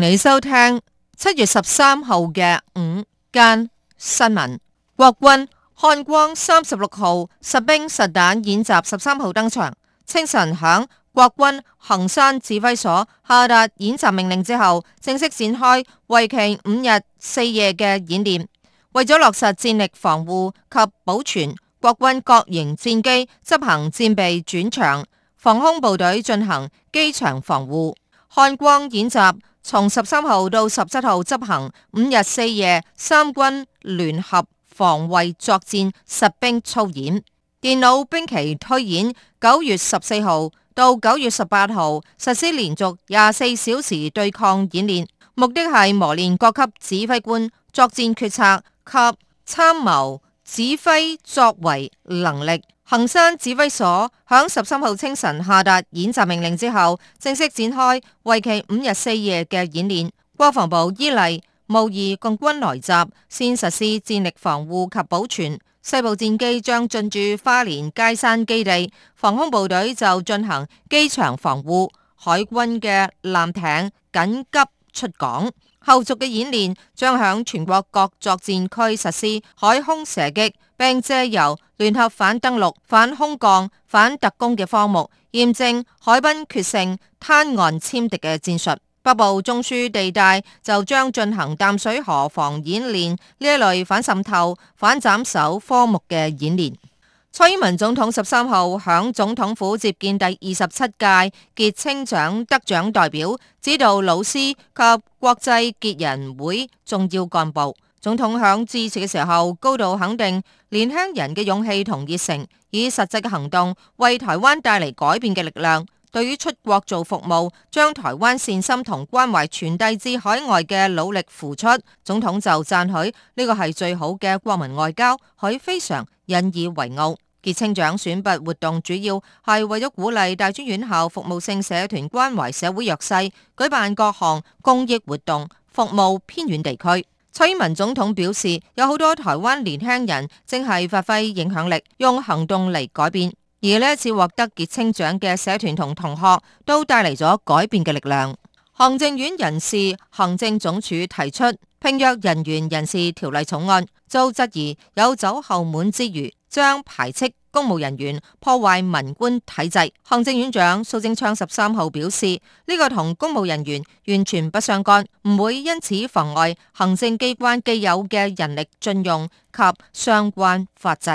你收聽七月十三號嘅午間新聞。國軍漢光三十六號實兵實彈演習十三號登場，清晨響國軍衡山指揮所下達演習命令之後，正式展開為期五日四夜嘅演練。為咗落實戰力防護及保存，國軍各型戰機執行戰備轉場，防空部隊進行機場防護。漢光演習從十三號到十七號執行五日四夜三軍聯合防衛作戰實兵操演，電腦兵棋推演九月十四號到九月十八號實施連續二十四小時對抗演練，目的係磨練各級指揮官作戰決策及參謀指揮作為能力。衡山指揮所響十三號清晨下達演習命令之後，正式展開為期五日四夜嘅演練。國防部依例，模擬共軍來襲，先實施戰力防護及保存。西部戰機將進駐花蓮佳山基地，防空部隊就進行機場防護。海軍嘅艦艇緊急出港，後續嘅演練將響全國各作戰區實施海空射擊。並借由聯合反登陸、反空降、反特攻嘅科目，驗證海濱決勝、灘岸殲敵嘅戰術。北部中樞地帶就將進行淡水河防演練呢一類反滲透、反斬首科目嘅演練。蔡英文總統十三號響總統府接見第二十七屆傑青獎得獎代表，指導老師及國際傑人會重要幹部。總統喺致辭嘅時候，高度肯定年輕人嘅勇氣同熱誠，以實際嘅行動為台灣帶嚟改變嘅力量。對於出國做服務，將台灣善心同關懷傳遞至海外嘅努力付出，總統就讚許呢個係最好嘅國民外交，佢非常引以為傲。傑青獎選拔活動主要係為咗鼓勵大專院校服務性社團關懷社會弱勢，舉辦各項公益活動，服務偏遠地區。蔡英文總統表示，有好多台灣年輕人正係發揮影響力，用行動嚟改變。而呢一次獲得傑青獎嘅社團同同學，都帶嚟咗改變嘅力量。行政院人事行政總處提出聘約人員人事條例草案，遭質疑有走後門之餘，將排斥。公務人員破壞文官體制，行政院長蘇貞昌十三號表示，呢、這個同公務人員完全不相干，唔會因此妨礙行政機關既有嘅人力進用及相關法制。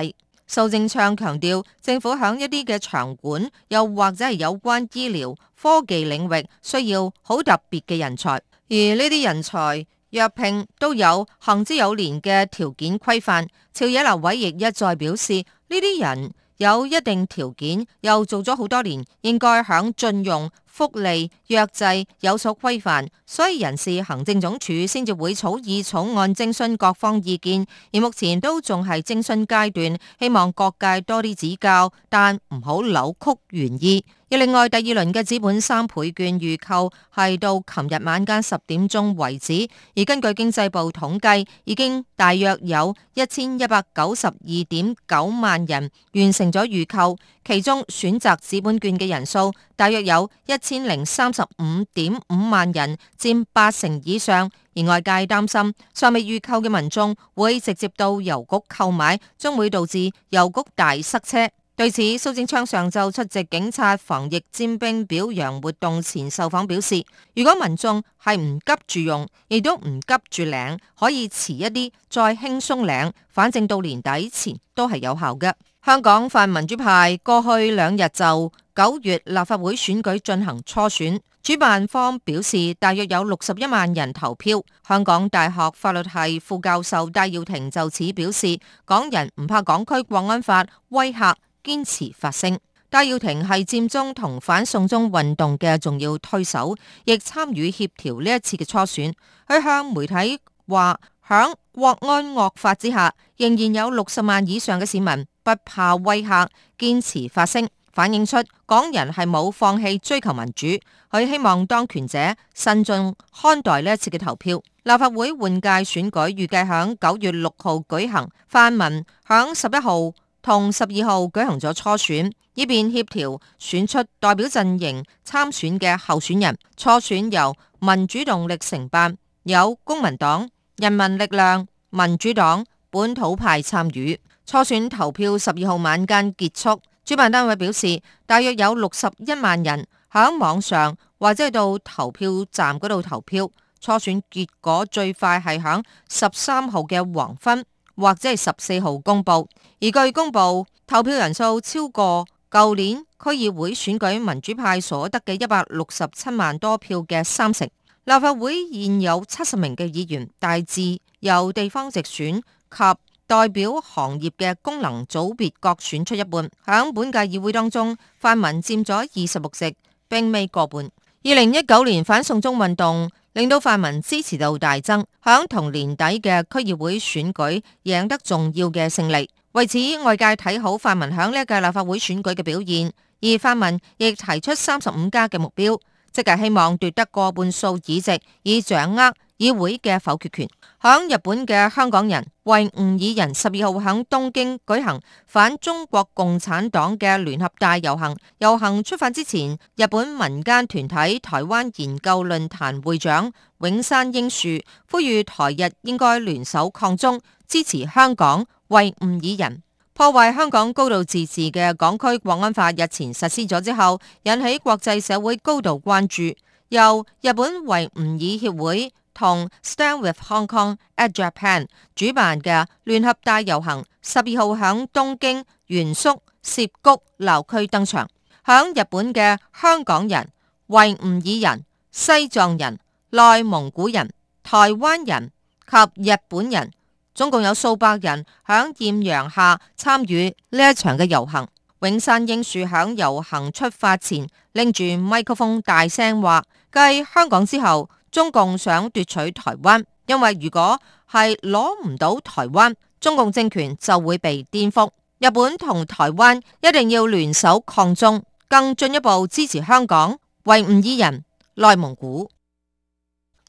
蘇貞昌強調，政府響一啲嘅場館，又或者係有關醫療科技領域，需要好特別嘅人才，而呢啲人才若聘都有行之有年嘅條件規範。朝野立委亦一再表示。呢啲人有一定條件，又做咗好多年，應該響進用，福利約制有所規範，所以人事行政總處先至會草擬草案徵詢各方意見，而目前都仲係徵詢階段，希望各界多啲指教，但唔好扭曲原意。而另外第二輪嘅紙本三倍券預購係到琴日晚間十點鐘為止，而根據經濟部統計，已經大約有一千一百九十二點九萬人完成咗預購，其中選擇紙本券嘅人數大約有一千零三十五點五萬人佔八成以上，而外界擔心尚未預購嘅民眾會直接到郵局購買，將會導致郵局大塞車。對此，蘇貞昌上晝出席警察防疫尖兵表揚活動前受訪表示，如果民眾係唔急住用，亦都唔急住領，可以遲一啲再輕鬆領，反正到年底前都係有效嘅。香港泛民主派過去兩日就。九月立法會選舉進行初選，主辦方表示大約有六十一萬人投票。香港大學法律系副教授戴耀廷就此表示，港人唔怕港區國安法威嚇，堅持發聲。戴耀廷係佔中同反送中運動嘅重要推手，亦參與協調呢一次嘅初選。佢向媒體話，響國安惡法之下，仍然有六十萬以上嘅市民不怕威嚇，堅持發聲。反映出港人係冇放棄追求民主，佢希望當權者慎重看待呢一次嘅投票。立法會換屆選舉預計響九月六號舉行，泛民響十一號同十二號舉行咗初選，以便協調選出代表陣營參選嘅候選人。初選由民主動力承辦，有公民黨、人民力量、民主黨、本土派參與。初選投票十二號晚間結束。主辦單位表示，大約有六十一萬人喺網上或者到投票站嗰度投票。初選結果最快係喺十三號嘅黃昏或者係十四號公布。而據公布，投票人數超過舊年區議會選舉民主派所得嘅一百六十七萬多票嘅三成。立法會現有七十名嘅議員，大致由地方直選及代表行業嘅功能組別各選出一半，響本屆議會當中，泛民佔咗二十六席，並未過半。二零一九年反送中運動令到泛民支持度大增，響同年底嘅區議會選舉贏得重要嘅勝利。為此，外界睇好泛民響呢一屆立法會選舉嘅表現，而泛民亦提出三十五加嘅目標，即係希望奪得過半數議席，以掌握，議會嘅否決權，響日本嘅香港人、維吾爾人，十二號響東京舉行反中國共產黨嘅聯合大遊行。遊行出發之前，日本民間團體台灣研究論壇會長永山英樹呼籲台日應該聯手抗中，支持香港維吾爾人。破壞香港高度自治嘅港區國安法日前實施咗之後，引起國際社會高度關注。由日本維吾爾協會。同 Stand With Hong Kong at Japan 主辦嘅聯合大遊行，十二號響東京原宿涉谷鬧區登場。響日本嘅香港人、維吾爾人、西藏人、內蒙古人、台灣人及日本人，總共有數百人響艷陽下參與呢一場嘅遊行。永山英樹響遊行出發前拎住麥克風大聲話：繼香港之後。中共想奪取台灣，因為如果係攞唔到台灣，中共政權就會被顛覆。日本同台灣一定要聯手抗中，更進一步支持香港、維吾爾人、內蒙古。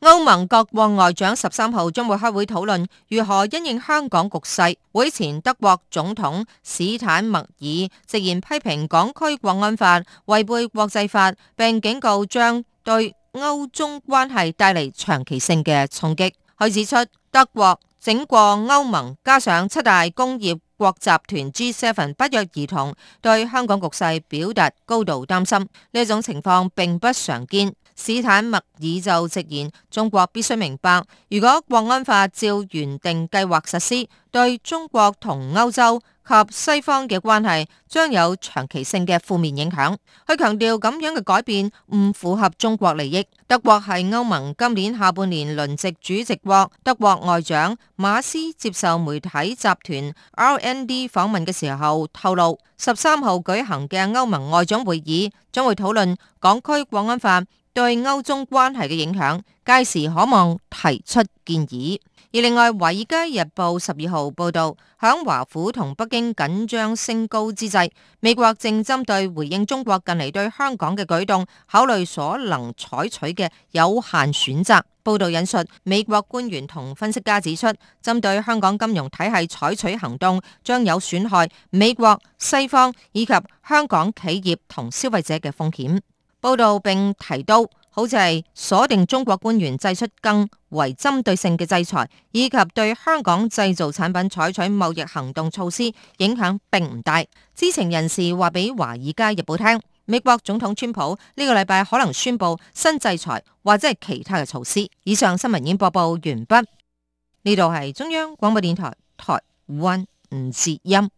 歐盟各國外長十三號將會開會討論如何因應香港局勢。會前，德國總統史坦麥爾直言批評港區國安法違背國際法，並警告將對。歐中關係帶嚟長期性嘅衝擊，佢指出德國、整個歐盟加上七大工業國集團 G7 不約而同對香港局勢表達高度擔心，呢一種情況並不常見。史坦麥爾就直言，中國必須明白，如果國安法照原定計劃實施，對中國同歐洲及西方嘅關係將有長期性嘅負面影響。佢強調咁樣嘅改變唔符合中國利益。德國係歐盟今年下半年輪值主席國，德國外長馬斯接受媒體集團 RND 訪問嘅時候透露，十三號舉行嘅歐盟外長會議將會討論港區國安法對歐中關係嘅影響，屆時可望提出建議。而另外，《華爾街日報》十二號報道，響華府同北京緊張升高之際，美國正針對回應中國近嚟對香港嘅舉動，考慮所能採取嘅有限選擇。報道引述美國官員同分析家指出，針對香港金融體系採取行動，將有損害美國、西方以及香港企業同消費者嘅風險。報道並提到，好似係鎖定中國官員，祭出更為針對性嘅制裁，以及對香港製造產品採取貿易行動措施，影響並唔大。知情人士話俾華爾街日報聽，美國總統川普呢個禮拜可能宣布新制裁或者係其他嘅措施。以上新聞已經播報完畢，呢度係中央廣播電台台灣吳志欽。